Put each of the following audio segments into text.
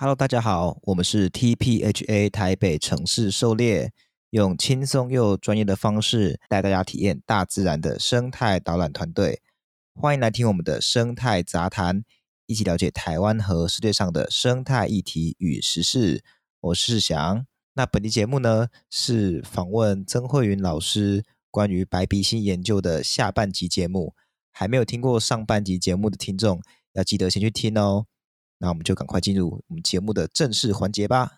Hello，大家好，我們是 TPHA 台北城市狩獵，用輕鬆又專業的方式帶大家體驗大自然的生態導覽團隊。歡迎來聽我們的生態雜談，一起了解台灣和世界上的生態議題與時事。我是志翔，那本期節目呢是訪問曾惠芸老師關於白鼻心研究的下半集節目。還沒有聽過上半集節目的聽眾，要記得先去聽哦。那我們就趕快進入我們節目的正式環節吧。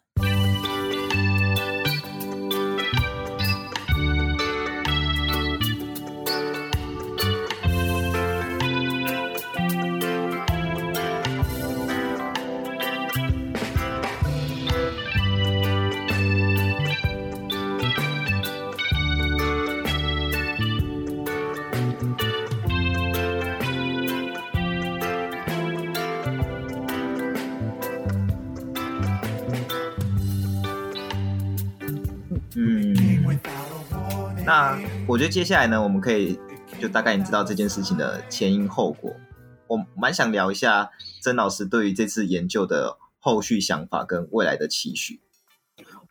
嗯，那我覺得接下來呢，我們可以就大概你知道這件事情的前因後果。我蠻想聊一下曾老師對於這次研究的後續想法跟未來的期許。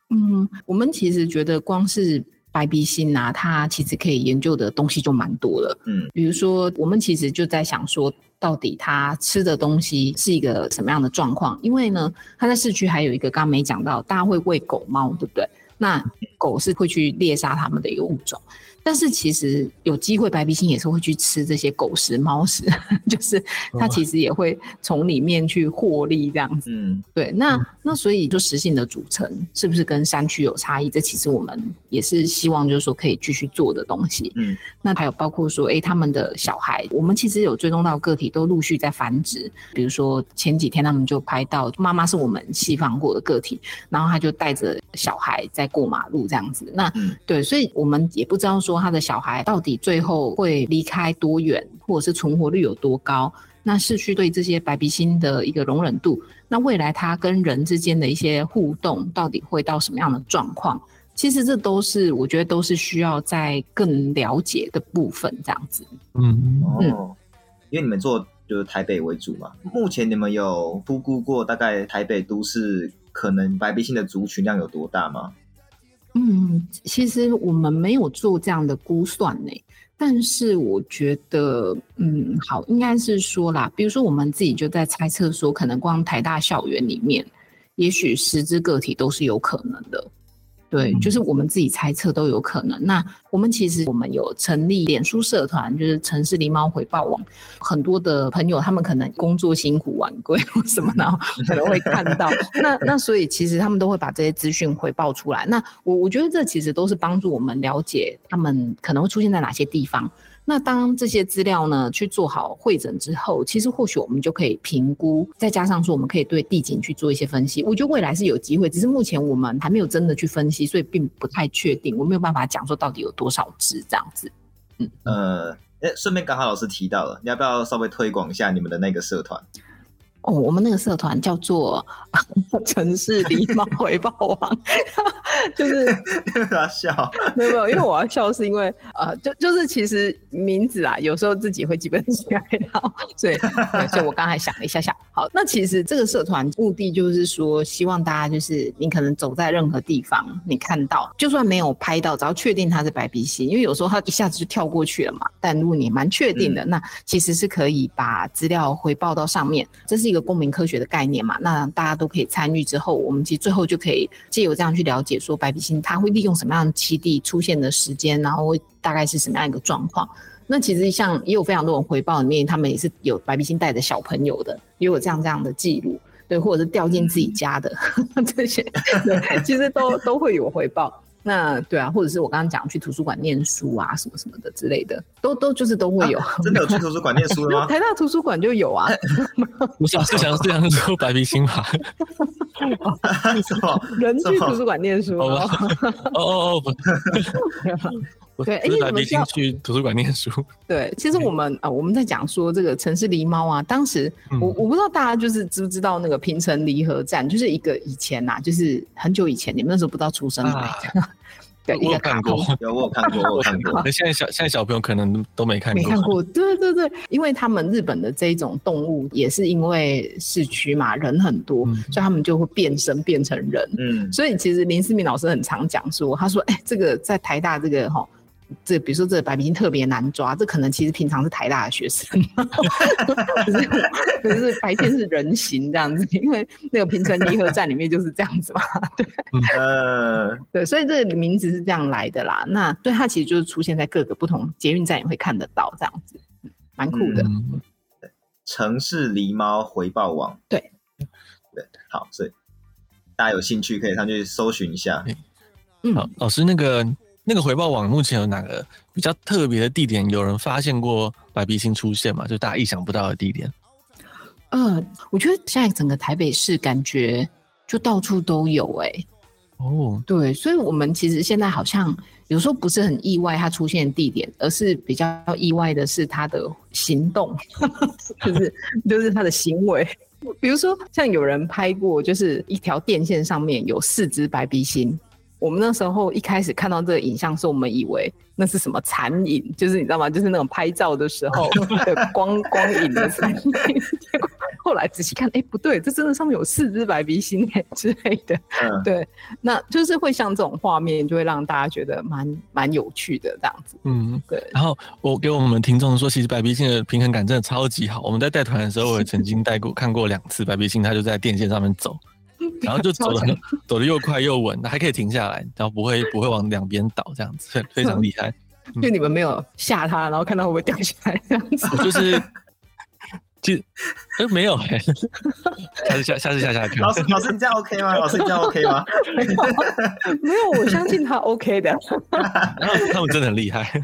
嗯，我們其實覺得光是白鼻心吶、啊，它其實可以研究的東西就蠻多了。嗯，比如說我們其實就在想說，到底他吃的東西是一個什麼樣的狀況？因為呢，他在市區還有一個剛剛沒講到，大家會餵狗貓，對不對？那狗是會去獵殺它們的一個物種。但是其實有機會，白鼻心也是會去吃這些狗食、貓食，就是它其實也會從裡面去獲利這樣子。嗯、對，那、嗯、那所以就食性的組成是不是跟山區有差異？這其實我們也是希望就是說可以繼續做的東西。嗯，那還有包括說，哎、欸，他們的小孩，我們其實有追蹤到個體都陸續在繁殖。比如說前幾天他們就拍到媽媽是我們釋放過的個體，然後他就帶着小孩在過馬路這樣子。那、嗯、對，所以我們也不知道。說他的小孩到底最後會離開多遠，或者是存活率有多高？那市區對這些白鼻心的一個容忍度，那未來他跟人之間的一些互動到底會到什麼樣的狀況？其實這都是我覺得都是需要再更了解的部分，這樣子嗯。嗯，哦，因為你們做就是台北為主嘛，目前你們有估估過大概台北都市可能白鼻心的族群量有多大嗎？嗯，其實我們沒有做這樣的估算呢，但是我覺得，嗯，好，應該是說啦，比如說我們自己就在猜測說，可能光台大校園裡面，也許十隻個體都是有可能的。對，就是我們自己猜測都有可能，嗯。那我們其實我們有成立臉書社團，就是城市狸貓回報網，很多的朋友他們可能工作辛苦晚歸或什麼的， 可能會看到。 那那所以其實他們都會把這些資訊回報出來。那我我覺得這其實都是幫助我們了解他們可能會出現在哪些地方。那當這些資料呢，去做好彙整之後，其實或許我們就可以評估，再加上說我們可以對地景去做一些分析，我覺得未來是有機會，只是目前我們還沒有真的去分析，所以並不太確定，我沒有辦法講說到底有多少隻這樣子。嗯、呃，誒、欸，順便剛好老師提到了，你要不要稍微推廣一下你們的那個社團？哦，我們那個社團叫做“啊、城市狸貓回報網”， 就是為什麼要笑？沒有沒有，因為我要笑是因為呃，就就是其實名字啊，有時候自己會記不清楚。所以 所以，我剛才想了一下下。好，那其實這個社團目的就是說，希望大家就是你可能走在任何地方，你看到就算沒有拍到，只要確定它是白鼻心，因為有時候它一下子就跳過去了嘛。但如果你蠻確定的，嗯，那其實是可以把資料回報到上面，這是。一個公民科學的概念嘛，那大家都可以參與之後，我們其實最後就可以借由這樣去了解，說白鼻心它會利用什麼樣的棲地，出現的時間，然後會大概是什麼樣一個狀況。那其實像也有非常多人回報裡面，他們也是有白鼻心帶着小朋友的，也有這樣這樣的記錄，對，或者是掉進自己家的 這些對，其實都都會有回報。那對啊，或者是我剛剛講去圖書館念書啊，什麼什麼的之類的，都都就是都會有、啊。真的有去圖書館念書嗎？ 台大圖書館就有啊。 我上次想是想說白鼻心吧。 什,什人去圖書館念書？哦哦哦！對，因為我們去圖書館念書。對，其實我們、欸、啊，我們在講說這個城市狸貓啊，當時、嗯、我我不知道大家就是知不知道那個平成狸合戰，就是一個以前吶、啊，就是很久以前，你們那時候不知道出生的、欸。啊、 對，我有看過， 有我有看過，我看過。那 現在小現在小朋友可能都沒看過。沒看過，對對對，因為他們日本的這一種動物也是因為市區嘛，人很多、嗯，所以他們就會變身變成人。嗯，所以其實林思敏老師很常講說，他說：“哎、欸，這個在台大這個哈。”這比如說，這白鼻心特別難抓，這可能其實平常是台大的學生，可是，可是白天是人形這樣子，因為那個平成狸合戰裡面就是這樣子嘛，對，嗯，對，所以這個名字是這樣來的啦。那對它其實就是出現在各個不同捷運站也會看得到這樣子，嗯、蠻酷的、嗯。城市狸貓回報網，對，對，好，所以大家有興趣可以上去搜尋一下。嗯，好、嗯，老師那個。那個回報網目前有哪個比較特別的地點有人發現過白鼻心出現嗎？就大家意想不到的地點。嗯、呃，我覺得現在整個台北市感覺就到處都有哎、欸。哦，對，所以我們其實現在好像有時候不是很意外它出現的地點，而是比較意外的是它的行動，呵呵就是就是它的行為。 比如說，像有人拍過，就是一條電線上面有四只白鼻心。我們那時候一開始看到這個影像，是我們以為那是什麼殘影，就是你知道嗎？就是那種拍照的時候的光 光影的殘影。結果後來仔細看，哎，不對，這真的上面有四只白鼻心之類的。對、嗯，那就是會像這種畫面，就會讓大家覺得蠻蠻有趣的這樣子。嗯，對。然後我給我們聽眾說，其實白鼻心的平衡感真的超級好。我們在帶團的時候，我也曾經帶過看過兩次白鼻心，它就在電線上面走。 然後就走得走的又快又穩，還可以停下來，然後不會不會往兩邊倒，這樣子 非常厲害。就你們沒有嚇他， 然後看到會不會掉下來這樣子。 就是就哎、欸、沒有哎，下次下次下次下次下看。 老師老師，你這樣 OK 嗎？老師你這樣 OK 嗎？沒有，我相信他 OK 的。 他們真的很厲害。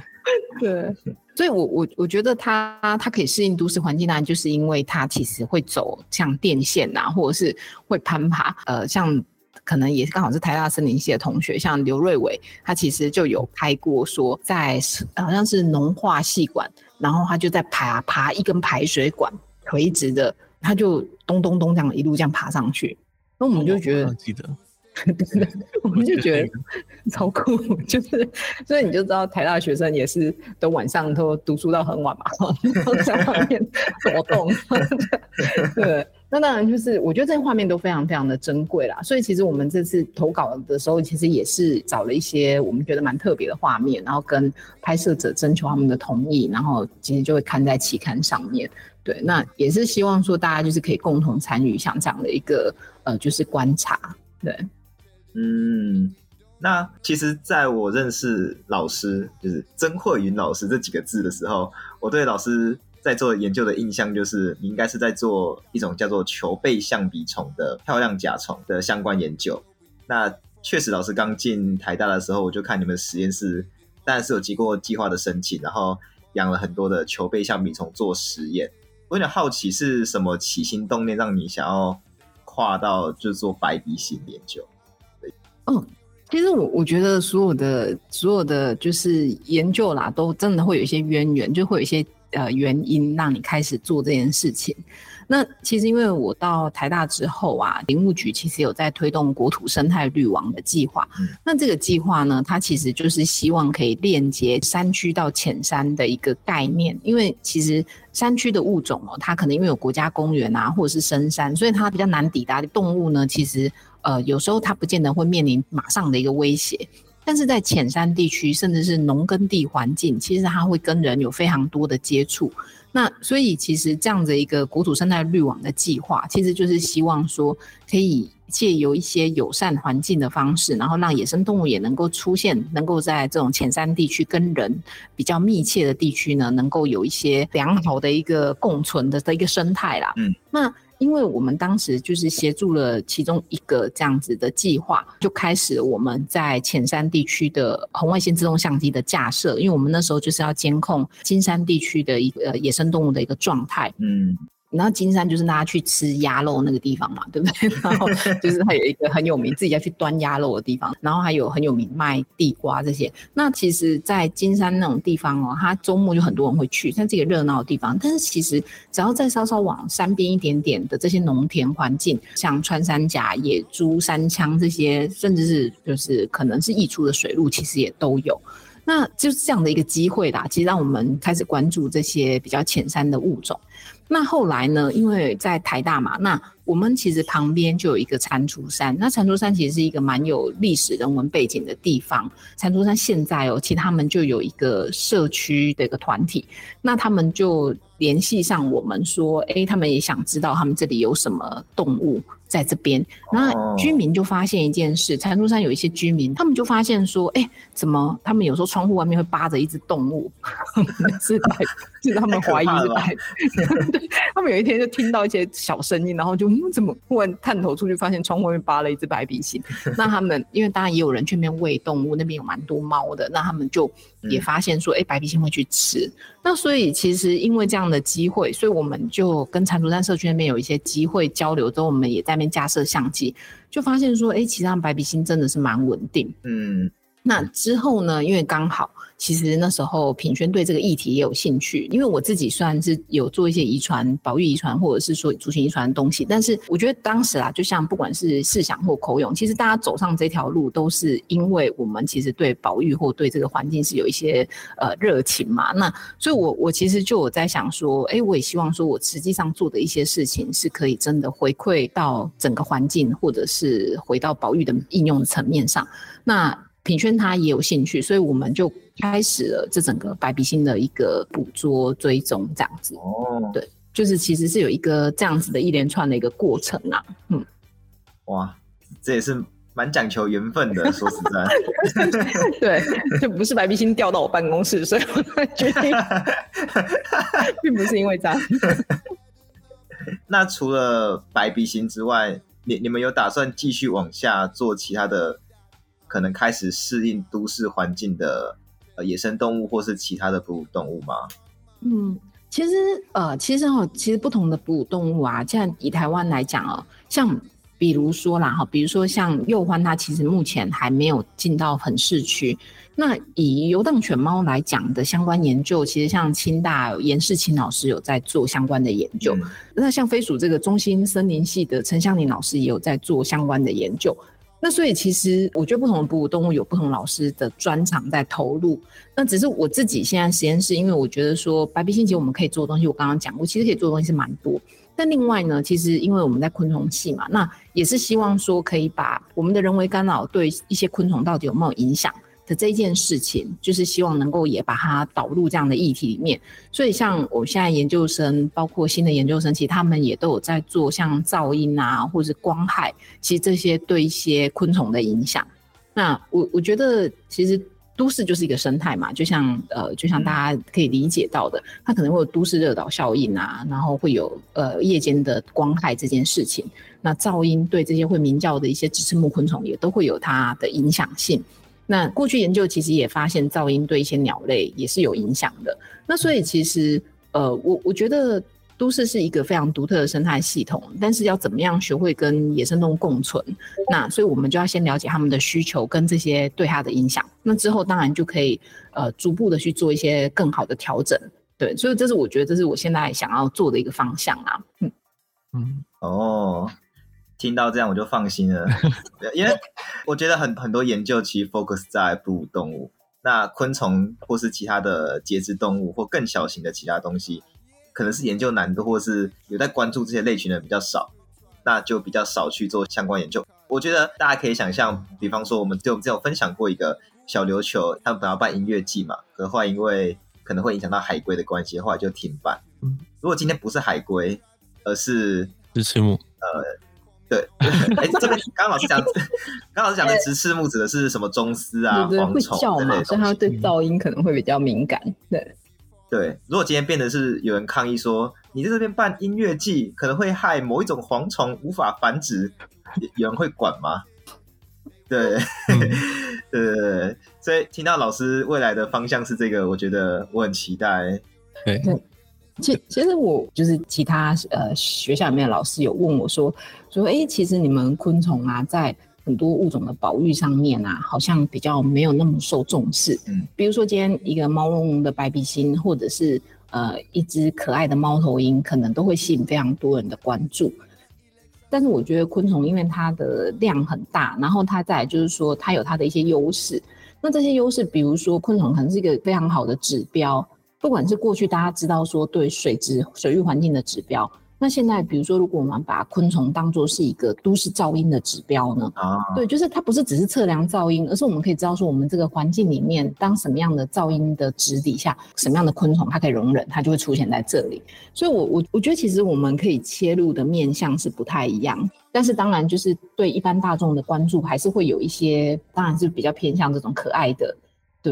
對，所以我我我覺得他他可以適應都市環境，當然就是因為他其實會走像電線吶、啊，或者是會攀爬。呃，像可能也是剛好是台大森林系的同學，像劉瑞偉，他其實就有拍過說在好像是農化系館。然後他就在爬爬一根排水管，垂直的，他就咚咚咚這樣一路這樣爬上去。那我們就覺得，還還記得 ，我們就覺得 超酷，就是所以你就知道台大學生也是都晚上都讀書到很晚嘛， 然後在外面活動， 對。那當然，就是我覺得這些畫面都非常非常的珍貴啦。所以其實我們這次投稿的時候，其實也是找了一些我們覺得蠻特別的畫面，然後跟拍攝者徵求他們的同意，然後其實就會刊在期刊上面。對，那也是希望說大家就是可以共同參與像這樣的一個呃，就是觀察。對，嗯，那其實在我認識老師，就是曾惠芸老師這幾個字的時候，我對老師。在做研究的印象就是，你應該是在做一種叫做球背象鼻蟲的漂亮甲蟲的相關研究。那確實，老師剛進台大的時候，我就看你們實驗室，但是有經過計劃的申請，然後養了很多的球背象鼻蟲做實驗。我有點好奇，是什麼起心動念讓你想要跨到就做白鼻心研究？對，嗯、哦，其實我我覺得所有的所有的就是研究啦，都真的會有一些淵源，就會有一些。呃，原因讓你開始做這件事情？那其實因為我到台大之後啊，林務局其實有在推動國土生態綠網的計劃。那這個計劃呢，它其實就是希望可以鏈接山區到淺山的一個概念。因為其實山區的物種哦，它可能因為有國家公園啊，或者是深山，所以它比較難抵達的動物呢，其實呃，有時候它不見得會面臨馬上的一個威脅。但是在淺山地區，甚至是農耕地環境，其實它會跟人有非常多的接觸。那所以其實這樣子一個國土生態綠網的計劃，其實就是希望說，可以借由一些友善環境的方式，然後讓野生動物也能夠出現，能夠在這種淺山地區跟人比較密切的地區呢，能夠有一些良好的一個共存的的一個生態啦。嗯，那。因為我們當時就是協助了其中一個這樣子的計劃，就開始我們在淺山地區的紅外線自動相機的架設，因為我們那時候就是要監控金山地區的一個野生動物的一個狀態，嗯。然後金山就是大家去吃鴨肉那個地方嘛，對不對？然後就是它有一個很有名自己要去端鴨肉的地方，然後還有很有名賣地瓜這些。那其實，在金山那種地方哦，它周末就很多人會去，像這個熱鬧的地方。但是其實，只要再稍稍往山邊一點點的這些農田環境，像穿山甲、野豬、山羌這些，甚至是就是可能是溢出的水路，其實也都有。那就是這樣的一個機會啦。其實讓我們開始關注這些比較淺山的物種。那後來呢？因為在台大嘛，那。我們其實旁邊就有一個蟾蜍山，那蟾蜍山其實是一個蠻有歷史人文背景的地方。蟾蜍山現在哦，其實他們就有一個社區的一個團體，那他們就聯繫上我們說，哎，他們也想知道他們這裡有什麼動物在這邊。然後居民就發現一件事，oh. 蟾蜍山有一些居民，他們就發現說，哎，怎麼他們有時候窗戶外面會扒着一隻動物？呵呵是 就是他們懷疑的。 對，他們有一天就聽到一些小聲音，然後就。因為怎麼忽然探頭出去，發現窗外面扒了一隻白鼻心？ 那他們因為當然也有人去那邊餵動物，那邊有蠻多貓的。那他們就也發現說，哎、嗯欸，白鼻心會去吃。那所以其實因為這樣的機會，所以我們就跟蟾蜍山社區那邊有一些機會交流之後，我們也在那邊架設相機，就發現說，哎、欸，其實白鼻心真的是蠻穩定。嗯，那之後呢，因為剛好。其實那時候品軒對這個議題也有興趣，因為我自己雖然是有做一些遺傳、保育遺傳或者是說族群遺傳的東西，但是我覺得當時啊，就像不管是思想或口勇，其實大家走上這條路都是因為我們其實對保育或對這個環境是有一些呃熱情嘛。那所以我，我我其實就我在想說，哎，我也希望說我實際上做的一些事情是可以真的回饋到整個環境，或者是回到保育的應用的層面上。那。品宣他也有興趣，所以我們就開始了這整個白鼻心的一個捕捉追蹤這樣子。哦，對，就是其實是有一個這樣子的一連串的一個過程啊。嗯，哇，這也是蠻講求緣分的，說實在， 對，就不是白鼻心掉到我辦公室，所以我才決定， 並不是因為這樣。 那除了白鼻心之外，你你們有打算繼續往下做其他的？可能開始適應都市環境的野生動物，或是其他的哺乳動物嗎？嗯，其實呃，其實、哦、其實不同的哺乳動物啊，像以台灣來講啊、哦，像比如說啦哈，比如說像鼬獾，它其實目前還沒有進到很市區。那以遊蕩犬貓來講的相關研究，其實像清大顏士清老師有在做相關的研究、嗯，那像飛鼠這個中心森林系的陳香林老師也有在做相關的研究。那所以，其實我覺得不同的哺乳動物有不同老師的專長在投入。那只是我自己現在實驗室，因為我覺得說白鼻心節我們可以做的東西，我剛剛講過，其實可以做的東西是蠻多。但另外呢，其實因為我們在昆蟲系嘛，那也是希望說可以把我們的人為干擾對一些昆蟲到底有沒有影響。的這件事情，就是希望能夠也把它導入這樣的議題裡面。所以，像我們現在研究生，包括新的研究生，其實他們也都有在做，像噪音啊，或者是光害，其實這些對一些昆蟲的影響。那我我覺得，其實都市就是一個生態嘛，就像呃，就像大家可以理解到的，它可能會有都市熱島效應啊，然後會有呃夜間的光害這件事情。那噪音對這些會鳴叫的一些直翅目昆蟲也都會有它的影響性。那過去研究其實也發現噪音對一些鳥類也是有影響的。那所以其實呃，我我覺得都市是一個非常獨特的生態系統，但是要怎麼樣學會跟野生動物共存？那所以我們就要先了解他們的需求跟這些對它的影響。那之後當然就可以呃逐步的去做一些更好的調整。對，所以這是我覺得這是我現在想要做的一個方向啊。嗯嗯，哦。聽到這樣我就放心了， 因為我覺得很很多研究其實 focus 在哺乳動物，那昆蟲或是其他的節肢動物或更小型的其他東西，可能是研究難度或是有在關注這些類群的人比較少，那就比較少去做相關研究。我覺得大家可以想象，比方說我們對我們之前分享過一個小琉球，他們本來辦音樂季嘛，可後來因為可能會影響到海龜的關係，後來就停辦。如果今天不是海龜，而是日呃。對，哎、 欸，這邊剛老師講，剛老師講的直翅目指的是什麼？螽斯啊，對對對蝗蟲，對，所以他對噪音可能會比較敏感。對，對，如果今天變得是有人抗議說，你在這邊辦音樂季，可能會害某一種蝗蟲無法繁殖，有人會管嗎？ 對， 對對對對。所以聽到老師未來的方向是這個，我覺得我很期待。對。對其其實我就是其他呃，學校裡面的老師有問我說說，哎、欸、其實你們昆蟲啊，在很多物種的保育上面啊，好像比較沒有那麼受重視。嗯，比如說今天一個毛茸茸的白鼻心或者是呃一隻可愛的貓頭鷹，可能都會吸引非常多人的關注，但是我覺得昆蟲因為它的量很大，然後它在就是說它有它的一些優勢，那這些優勢比如說昆蟲可能是一個非常好的指標。不管是過去大家知道說對水質、水域環境的指標，那現在比如說，如果我們把昆蟲當做是一個都市噪音的指標呢？啊、嗯，對，就是它不是只是測量噪音，而是我們可以知道說我們這個環境裡面，當什麼樣的噪音的值底下，什麼樣的昆蟲它可以容忍，它就會出現在這裡。所以我，我我我覺得其實我們可以切入的面向是不太一樣，但是當然就是對一般大眾的關注還是會有一些，當然是比較偏向這種可愛的。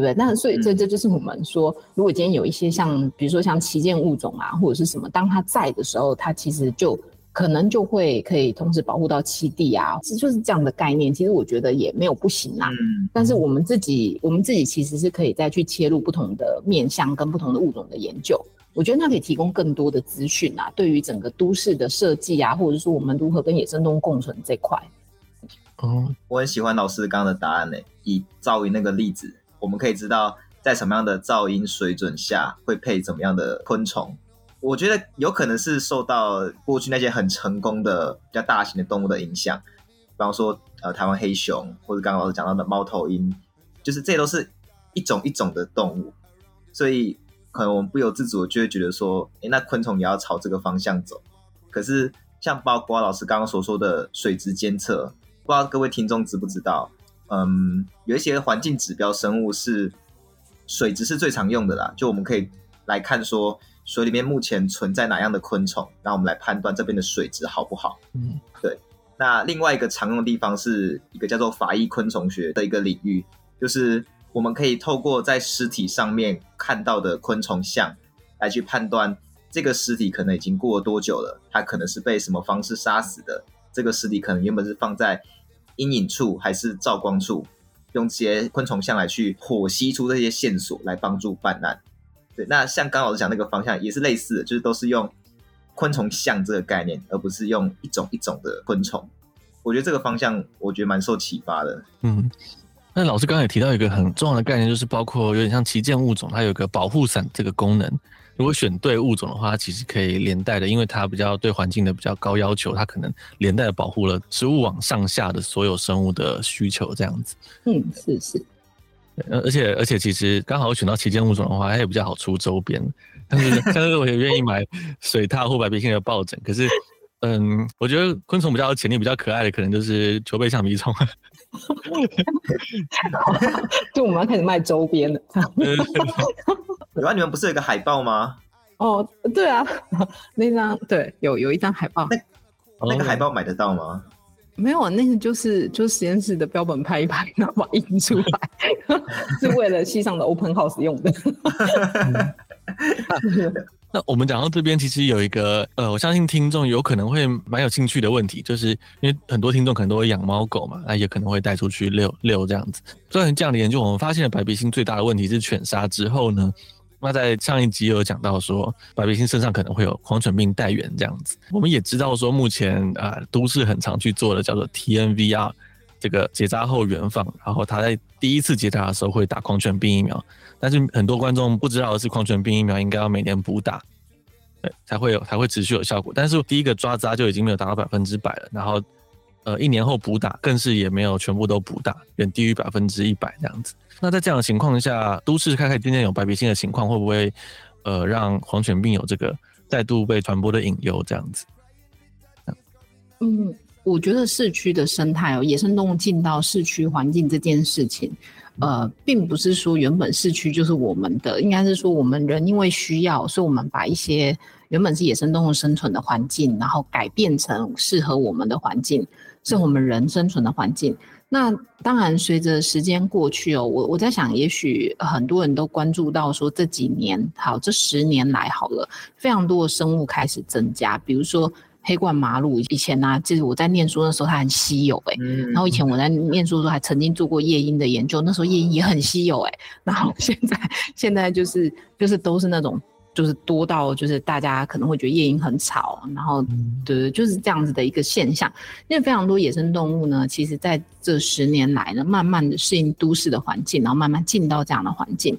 對不對？那所以這這就是我們說，如果今天有一些像、嗯，比如說像旗艦物種啊，或者是什麼，當它在的時候，它其實就可能就會可以同時保護到棲地啊，這就是這樣的概念。其實我覺得也沒有不行啊。嗯。但是我們自己、嗯，我們自己其實是可以再去切入不同的面向跟不同的物種的研究。我覺得那可以提供更多的資訊啊，對於整個都市的設計啊，或者說我們如何跟野生動物共存這塊。哦、嗯，我很喜歡老師剛剛的答案呢、欸，以照以那個例子。我們可以知道，在什麼樣的噪音水準下會配怎麼樣的昆蟲？我覺得有可能是受到過去那些很成功的比較大型的動物的影響，比方說呃台灣黑熊，或者剛剛老師講到的貓頭鷹，就是這些都是一種一種的動物，所以可能我們不由自主就會覺得說誒，那昆蟲也要朝這個方向走。可是像包括老師剛剛所說的水質監測，不知道各位聽眾知不知道？嗯，有一些環境指標生物是水質是最常用的啦，就我們可以來看說水裡面目前存在哪樣的昆蟲，然後我們來判斷這邊的水質好不好。嗯，對。那另外一個常用的地方是一個叫做法醫昆蟲學的一個領域，就是我們可以透過在屍體上面看到的昆蟲相來去判斷這個屍體可能已經過了多久了，它可能是被什麼方式殺死的，這個屍體可能原本是放在。陰影處還是照光處，用這些昆蟲像，來去火吸出這些線索，來幫助辦案。對，那像剛老師講那個方向也是類似的，就是都是用昆蟲像這個概念，而不是用一種一種的昆蟲。我覺得這個方向我覺得蠻受啟發的。嗯，那老師剛剛也提到一個很重要的概念，就是包括有點像旗艦物種，它有個保護傘這個功能。如果選對物種的話，它其實可以連帶的，因為它比較對環境的比較高要求，它可能連帶的保護了食物網上下的所有生物的需求，這樣子。嗯，是是。而且而且，而且其實剛好選到旗艦物種的話，它也比較好出周邊。但是但是，我也願意買水獺或白鼻心的抱枕。 可是，嗯，我覺得昆蟲比較有潛力、比較可愛的，可能就是球背象鼻蟲。對。 我們要開始賣周邊了。 對對對對對啊，你們不是有一個海報嗎？哦，對啊，那張對，有有一張海報那。那個海報買得到嗎？哦、沒有啊，那個就是就是實驗室的標本拍一拍，然後印出來， 是為了系上的 open house 用的。 那我們講到這邊，其實有一個呃，我相信聽眾有可能會蠻有興趣的問題，就是因為很多聽眾可能都會養貓狗嘛，那也可能會帶出去遛遛這樣子。做完這樣的研究，我們發現了白鼻心最大的問題是犬殺之後呢。那在上一集有講到說，白鼻心身上可能會有狂犬病帶源這樣子，我們也知道說，目前啊都市很常去做的叫做 TNVR 這個結紮後原放，然後他在第一次結紮的時候會打狂犬病疫苗，但是很多觀眾不知道的是，狂犬病疫苗應該要每年補打，才會有才會持續有效果，但是第一個抓扎就已經沒有達到百分之百了，然後。呃，一年後補打更是也沒有全部都補打，遠低於百分之一百這樣子。那在這樣的情況下，都市開始漸漸有白鼻心的情況，會不會呃讓狂犬病有這個再度被傳播的隱憂？這樣子？嗯，我覺得市區的生態哦，野生動物進到市區環境這件事情、嗯，呃，並不是說原本市區就是我們的，應該是說我們人因為需要，所以我們把一些原本是野生動物生存的環境，然後改變成適合我們的環境。是我們人生存的環境。那當然，隨着時間過去哦，我我在想，也許很多人都關注到說這幾年，好，這十年來好了，非常多的生物開始增加。比如說黑冠麻鷺，以前呢、啊，就是我在念書的時候，它很稀有誒、欸嗯。然後以前我在念書的時候還曾經做過夜鶯的研究，那時候夜鶯也很稀有誒、欸。然後現在現在就是就是都是那種。就是多到就是大家可能會覺得夜鷹很吵，然後對，就是這樣子的一個現象，嗯。因為非常多野生動物呢，其實在這十年來呢，慢慢的適應都市的環境，然後慢慢進到這樣的環境。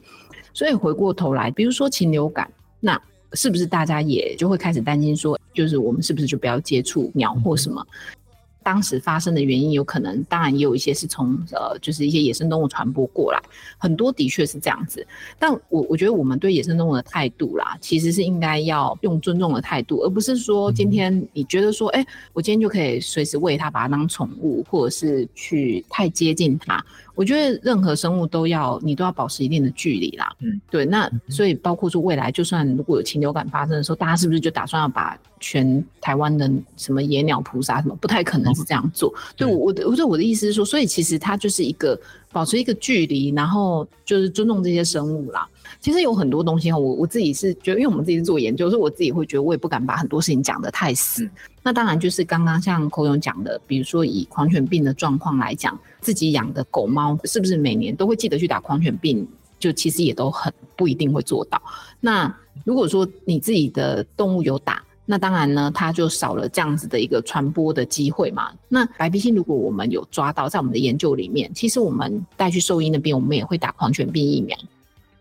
所以回過頭來，比如說禽流感，那是不是大家也就會開始擔心說，就是我們是不是就不要接觸鳥或什麼？嗯當時發生的原因，有可能當然也有一些是從呃，就是一些野生動物傳播過來，很多的確是這樣子。但我我覺得我們對野生動物的態度啦，其實是應該要用尊重的態度，而不是說今天你覺得說，哎，嗯，欸，我今天就可以隨時餵它，把它當寵物，或者是去太接近它。我覺得任何生物都要，你都要保持一定的距離啦。嗯，對，那所以包括說未來，就算如果有禽流感發生的時候，大家是不是就打算要把全台灣的什麼野鳥撲殺？什麼不太可能是這樣做。哦、對，我我的我的意思是說，所以其實它就是一個保持一個距離，然後就是尊重這些生物啦。其實有很多東西我我自己是覺得，因為我們自己是做研究，所以我自己會覺得，我也不敢把很多事情講得太死。那當然就是剛剛像孔勇講的，比如說以狂犬病的狀況來講，自己養的狗貓是不是每年都會記得去打狂犬病？就其實也都很不一定會做到。那如果說你自己的動物有打，那當然呢，它就少了這樣子的一個傳播的機會嘛。那白鼻心，如果我們有抓到，在我們的研究裡面，其實我們帶去獸醫那邊，我們也會打狂犬病疫苗。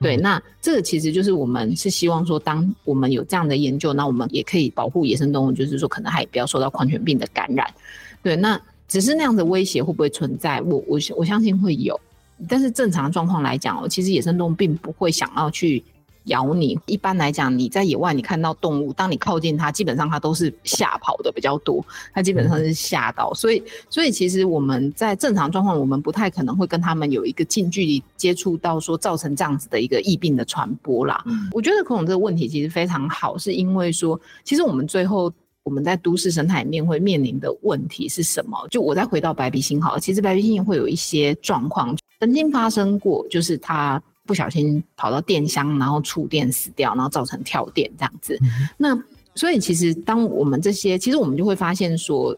對，那這個其實就是我們是希望說，當我們有這樣的研究，那我們也可以保護野生動物，就是說可能還不要受到狂犬病的感染。對，那只是那樣的威脅會不會存在？我我我相信會有，但是正常的狀況來講哦，其實野生動物並不會想要去。咬你。一般來講，你在野外，你看到動物，當你靠近它，基本上它都是嚇跑的比較多。它基本上是嚇到，所以，所以其實我們在正常狀況，我們不太可能會跟他們有一個近距離接觸到，說造成這樣子的一個疫病的傳播啦。嗯，我覺得可能這個問題其實非常好，是因為說，其實我們最後我們在都市生態裡面會面臨的問題是什麼？就我再回到白鼻心好了，其實白鼻心會有一些狀況曾經發生過，就是它。不小心跑到電箱，然後觸電死掉，然後造成跳電這樣子。嗯、那所以其實當我們這些，其實我們就會發現說，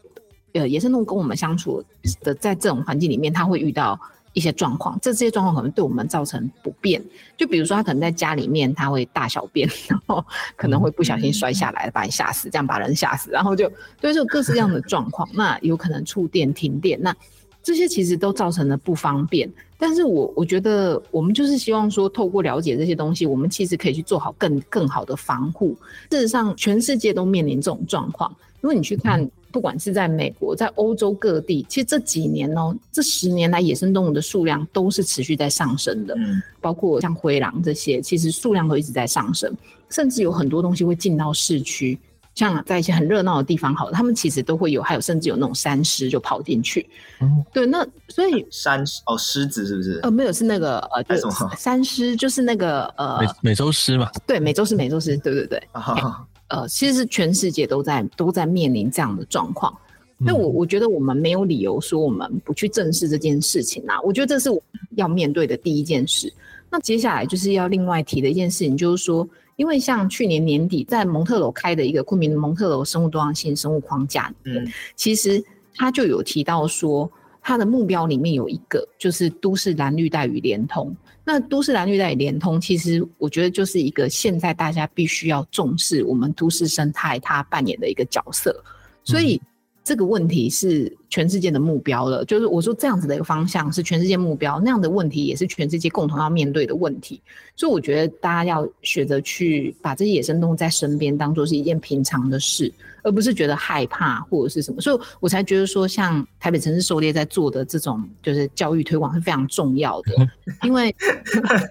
呃，野生動物跟我們相處的，在這種環境裡面，它會遇到一些狀況。這些狀況可能對我們造成不便。就比如說，它可能在家裡面，它會大小便，然後可能會不小心摔下來，把你嚇死，這樣把人嚇死，然後就，所以就各式各樣的狀況。 那有可能觸電、停電，那這些其實都造成了不方便。但是我我覺得，我們就是希望說，透過了解這些東西，我們其實可以去做好更更好的防護。事實上，全世界都面臨這種狀況。如果你去看，嗯，不管是在美國，在歐洲各地，其實這幾年哦，這十年來野生動物的數量都是持續在上升的，嗯，包括像灰狼這些，其實數量都一直在上升，甚至有很多東西會進到市區。像在一些很熱鬧的地方，好了，他們其實都會有，還有甚至有那種山獅就跑進去、嗯。對，那所以山獅哦，獅子是不是？呃，沒有，是那個呃，就什麼？山獅就是那個呃，美，美洲獅嘛。對，美洲獅，美洲獅，對對對、哦欸。呃，其實是全世界都在都在面臨這樣的狀況、嗯，所以我我覺得我們沒有理由說我們不去正視這件事情啊。我覺得這是我要面對的第一件事。那接下來就是要另外提的一件事情，就是說。因為像去年年底在蒙特婁開的一個昆明蒙特婁生物多樣性生物框架，其實它就有提到說，它的目標裡面有一個就是都市藍綠帶與連通。那都市藍綠帶與連通，其實我覺得就是一個現在大家必須要重視我們都市生態它扮演的一個角色，所以、嗯。這個問題是全世界的目標了，就是我說這樣子的一個方向是全世界目標，那樣的問題也是全世界共同要面對的問題，所以我覺得大家要學着去把這些野生動物在身邊當做是一件平常的事。而不是覺得害怕或者是什麼，所以我才覺得說，像台北城市狩獵在做的這種就是教育推廣是非常重要的。因為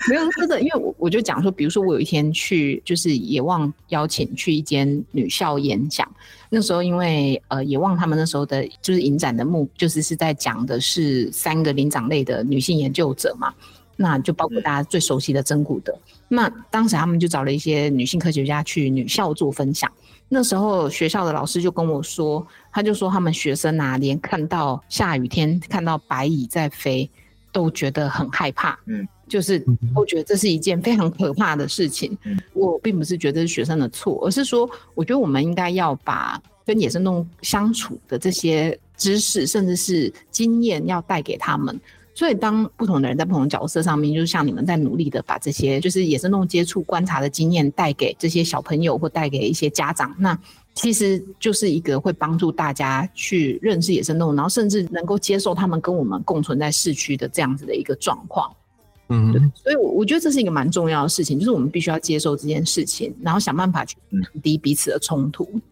沒有說的，因為我我就講說，比如說我有一天去就是野望邀請去一間女校演講，那時候因為呃野望他們那時候的就是影展的目就是是在講的是三個靈長類的女性研究者嘛，那就包括大家最熟悉的珍古德。那當時他們就找了一些女性科學家去女校做分享。那時候學校的老師就跟我說，他就說他們學生啊，連看到下雨天、看到白蟻在飛，都覺得很害怕。嗯，就是我覺得這是一件非常可怕的事情。嗯，我並不是覺得是學生的錯，而是說，我覺得我們應該要把跟野生動物相處的這些知識，甚至是經驗，要帶給他們。所以，當不同的人在不同角色上面，就是像你們在努力的把這些，就是野生動物接觸觀察的經驗帶給這些小朋友或帶給一些家長，那其實就是一個會幫助大家去認識野生動物，然後甚至能夠接受他們跟我們共存在市區的這樣子的一個狀況。嗯，所以，我我覺得這是一個蠻重要的事情，就是我們必須要接受這件事情，然後想辦法去抵，抵彼此的衝突，嗯。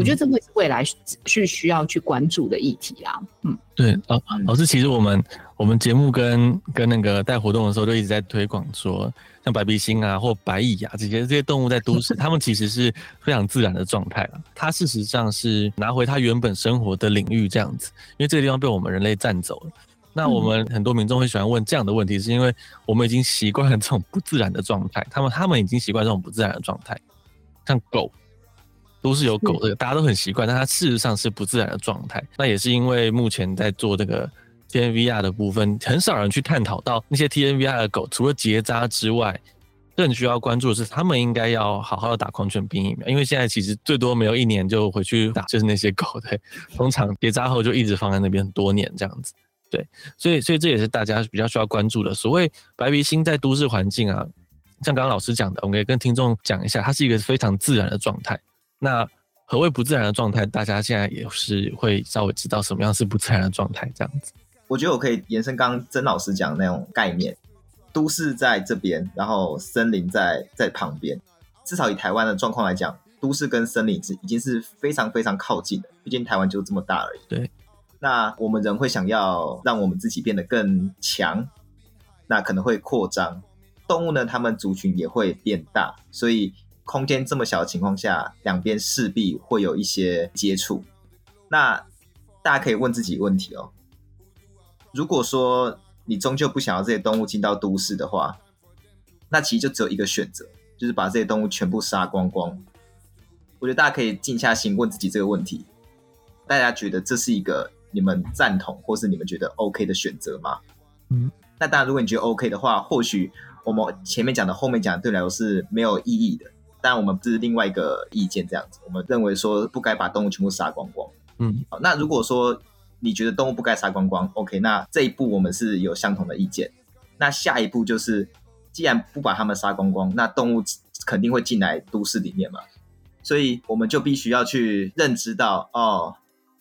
我覺得這會是未來是需要去關注的議題啊。嗯，對。哦，老師，其實我們。我們節目跟跟那個帶活動的時候，就一直在推廣說，像白鼻心啊或白蟻啊這些這些動物在都市， 它們其實是非常自然的狀態了。它事實上是拿回它原本生活的領域這樣子，因為這個地方被我們人類佔走了。那我們很多民眾會喜歡問這樣的問題，嗯、是因為我們已經習慣了這種不自然的狀態。他們他們已經習慣這種不自然的狀態，像狗都是有狗的，大家都很習慣，但它事實上是不自然的狀態。那也是因為目前在做這個。T N V R 的部分很少人去探討到，那些 T N V R 的狗，除了結紮之外，更需要關注的是，他們應該要好好的打狂犬病疫苗，因為現在其實最多沒有一年就回去打，就是那些狗，對，通常結紮後就一直放在那邊很多年這樣子，對，所以所以這也是大家比較需要關注的。所謂白鼻心在都市環境啊，像剛剛老師講的，我們可以跟聽眾講一下，它是一個非常自然的狀態。那何謂不自然的狀態？大家現在也是會稍微知道什麼樣是不自然的狀態這樣子。我覺得我可以延伸剛曾老師講的那種概念，都市在這邊，然後森林在在旁邊。至少以台灣的狀況來講，都市跟森林是已經是非常非常靠近的。畢竟台灣就這麼大而已。對。那我們人會想要讓我們自己變得更強，那可能會擴張。動物呢，它們族群也會變大，所以空間這麼小的情況下，兩邊勢必會有一些接觸。那大家可以問自己問題哦。如果說你終究不想要這些動物進到都市的話，那其實就只有一個選擇，就是把這些動物全部殺光光。我覺得大家可以靜下心問自己這個問題，大家覺得這是一個你們贊同，或是你們覺得 OK 的選擇嗎？嗯，那當然，如果你覺得 OK 的話，或許我們前面講的、後面講的，對你來說是沒有意義的。但我們這是另外一個意見，這樣子，我們認為說不該把動物全部殺光光。嗯，好，那如果說。你覺得動物不該殺光光？OK，那這一步我們是有相同的意見。那下一步就是，既然不把它們殺光光，那動物肯定會進來都市裡面嘛。所以我們就必須要去認知到，哦，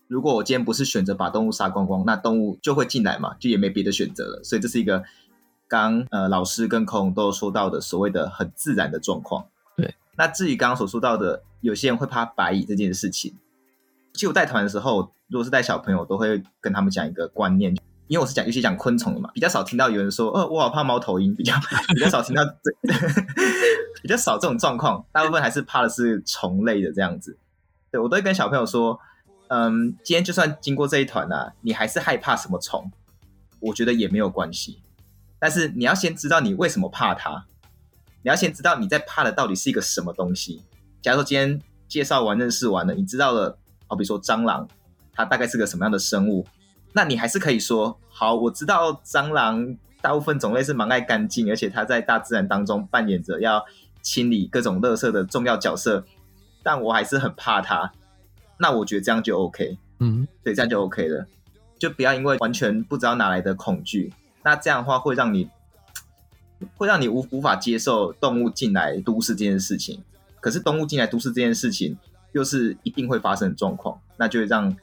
如果我今天不是選擇把動物殺光光，那動物就會進來嘛，就也沒別的選擇了。所以這是一個剛剛，呃，老師跟孔都說到的所謂的很自然的狀況。對。那至於剛剛所說到的，有些人會怕白鼻心這件事情。就帶團的時候，如果是帶小朋友，我都會跟他們講一個觀念，因為我是講，尤其講昆蟲的嘛，比較少聽到有人說，呃、哦，我好怕貓頭鷹，比較比較少聽到這， 比較少這種狀況。大部分還是怕的是蟲類的這樣子。對，我都會跟小朋友說，嗯，今天就算經過這一團啊，你還是害怕什麼蟲？我覺得也沒有關係，但是你要先知道你為什麼怕它，你要先知道你在怕的到底是一個什麼東西。假如說今天介紹完、認識完了，你知道了。好比說蟑螂，它大概是個什麼樣的生物？那你還是可以說好，我知道蟑螂大部分種類是蠻愛乾淨，而且它在大自然當中扮演着要清理各種垃圾的重要角色。但我還是很怕它。那我覺得這樣就 OK，嗯，對，這樣就 OK 了，就不要因為完全不知道哪來的恐懼。那這樣的話會讓你，會讓你無無法接受動物進來都市這件事情。可是動物進來都市這件事情，就是一定會發生的狀況，那就會讓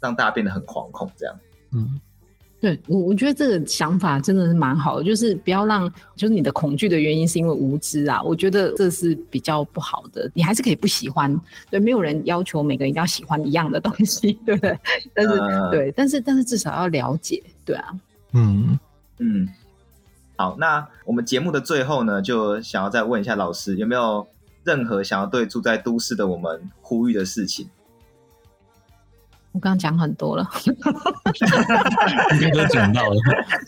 讓大家變得很惶恐，這樣。嗯，對我我覺得這個想法真的是蠻好的，就是不要讓，就是你的恐懼的原因是因為無知啊，我覺得這是比較不好的。你還是可以不喜歡，對，沒有人要求每個人要喜歡一樣的東西，對不對？但是，呃，對，但是但是至少要了解，對啊。嗯嗯，好，那我們節目的最後呢，就想要再問一下老師，有沒有任何想要對住在都市的我們呼籲的事情，我剛剛講很多了 應該都講到了，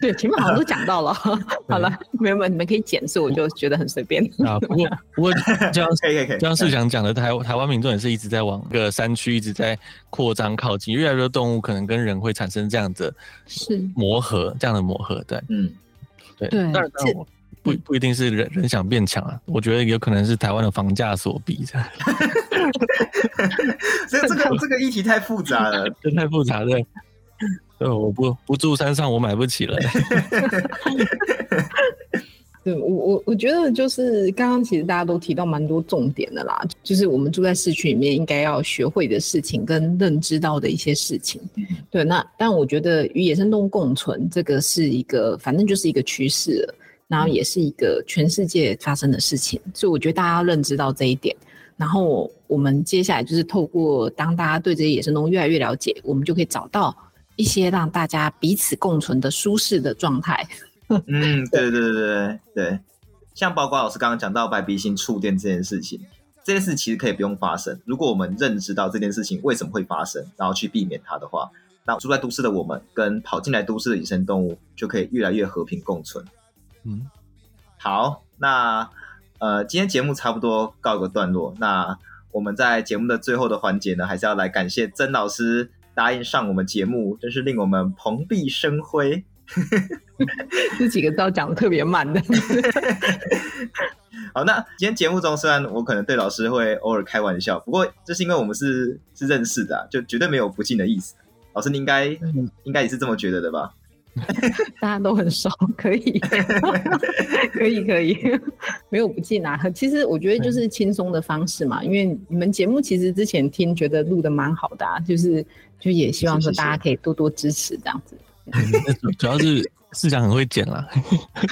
對，前面好像都講到了，啊。好了，沒有沒有，你們可以減速，我就覺得很隨便 啊。不過不過，這樣可以可以可以。這樣是想講的台灣 台灣民眾也是一直在往個山區一直在擴張靠近，越來越多動物可能跟人會產生這樣的是磨合是，這樣的磨合，對，嗯，對，對，不不一定是人人想變強啊，我覺得有可能是台灣的房價所逼的。 所以這個這個議題太複雜了， 真太複雜了。對，我不不住山上，我買不起了。 對，我我我覺得就是剛剛其實大家都提到蠻多重點的啦，就是我們住在市區裡面應該要學會的事情跟認知到的一些事情。對，那但我覺得與野生動物共存這個是一個，反正就是一個趨勢。然後也是一個全世界發生的事情、嗯，所以我覺得大家要認知到這一點。然後我們接下來就是透過當大家對這些野生動物越來越了解，我們就可以找到一些讓大家彼此共存的舒適的狀態。嗯，對對對對對，像包括老師剛剛講到白鼻心觸電這件事情，這件事其實可以不用發生。如果我們認知到這件事情為什麼會發生，然後去避免它的話，那住在都市的我們跟跑進來都市的野生動物就可以越來越和平共存。嗯、好，那呃，今天節目差不多告個段落。那我們在節目的最後的環節呢，還是要來感謝曾老師答應上我們節目，真、就是令我們蓬蓽生輝。 這幾個字講得特別慢的 。 好，那今天節目中雖然我可能對老師會偶爾開玩笑，不過這是因為我們是是認識的、啊，就絕對沒有不敬的意思。老師，你應該、嗯、應該也是這麼覺得的吧？ 大家都很熟，可以， 可以，可以，沒有不進啊。其實我覺得就是輕鬆的方式嘛，因為你們節目其實之前聽覺得錄的蠻好的，啊，就是就也希望說大家可以多多支持這樣子。是是是這樣子，嗯、 主要是思想很會剪啦，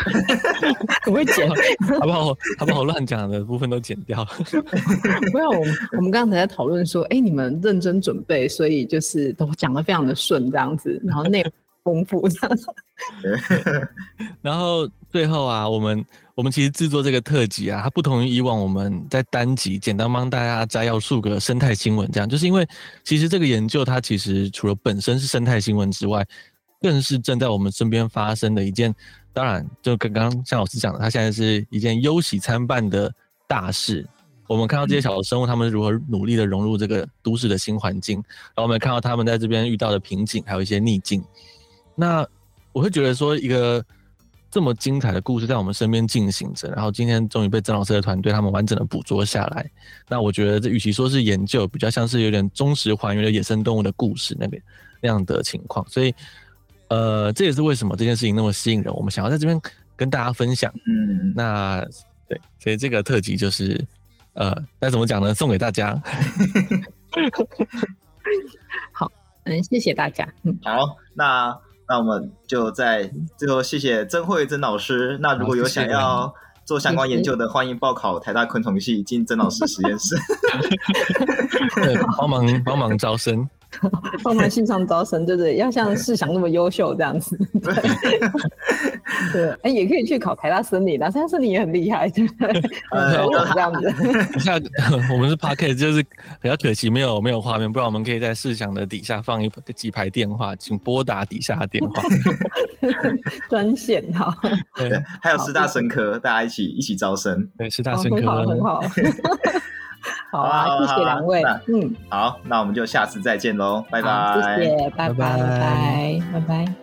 很會剪， 好不好？他把我亂講的部分都剪掉。 沒有，我們我們剛才在討論說，哎、欸，你們認真準備，所以就是都講的非常的順這樣子，然後那。 功夫，這樣子，然後最後啊，我們我們其實製作這個特輯啊，它不同於以往我們在單集簡單幫大家摘要數個生態新聞這樣，就是因為其實這個研究它其實除了本身是生態新聞之外，更是正在我們身邊發生的一件。當然，就剛剛像老師講的，它現在是一件憂喜參半的大事。我們看到這些小，小的生物他們如何努力的融入這個都市的新環境，然後我們看到他們在這邊遇到的瓶頸，還有一些逆境。那我會覺得說，一個這麼精彩的故事在我們身邊進行着，然後今天終於被曾老師的團隊他們完整的捕捉下來。那我覺得這與其說是研究，比較像是有點忠實還原了野生動物的故事那邊那樣的情況。所以，呃，這也是為什麼這件事情那麼吸引人。我們想要在這邊跟大家分享。嗯，那對，所以這個特輯就是，呃，該怎麼講呢？送給大家。 好，嗯，謝謝大家。嗯，好，那。那我們就在最後，謝謝曾惠曾老師。那如果有想要做相關研究的，歡迎報考台大昆蟲系，進曾老師實驗室， 對，幫忙幫忙招生，幫 忙線上招生，對不對,對？要像世祥那麼優秀這樣子。對。 對，哎，也可以去考台大生理，但是大生理也很厲害，對不對、呃嗯？這樣子， 我們是 Podcast，就是比較可惜沒有沒有畫面，不然我們可以在視想的底下放一幾排電話，請撥打底下的電話專 專線哈。 對，還有師大生科，大家一起一起招生，對，師大生科、哦、很好很 好、啊。好啊，謝謝兩位，啊、嗯，好，那我們就下次再見嘍，拜拜，謝謝，拜拜，拜拜。拜拜拜拜。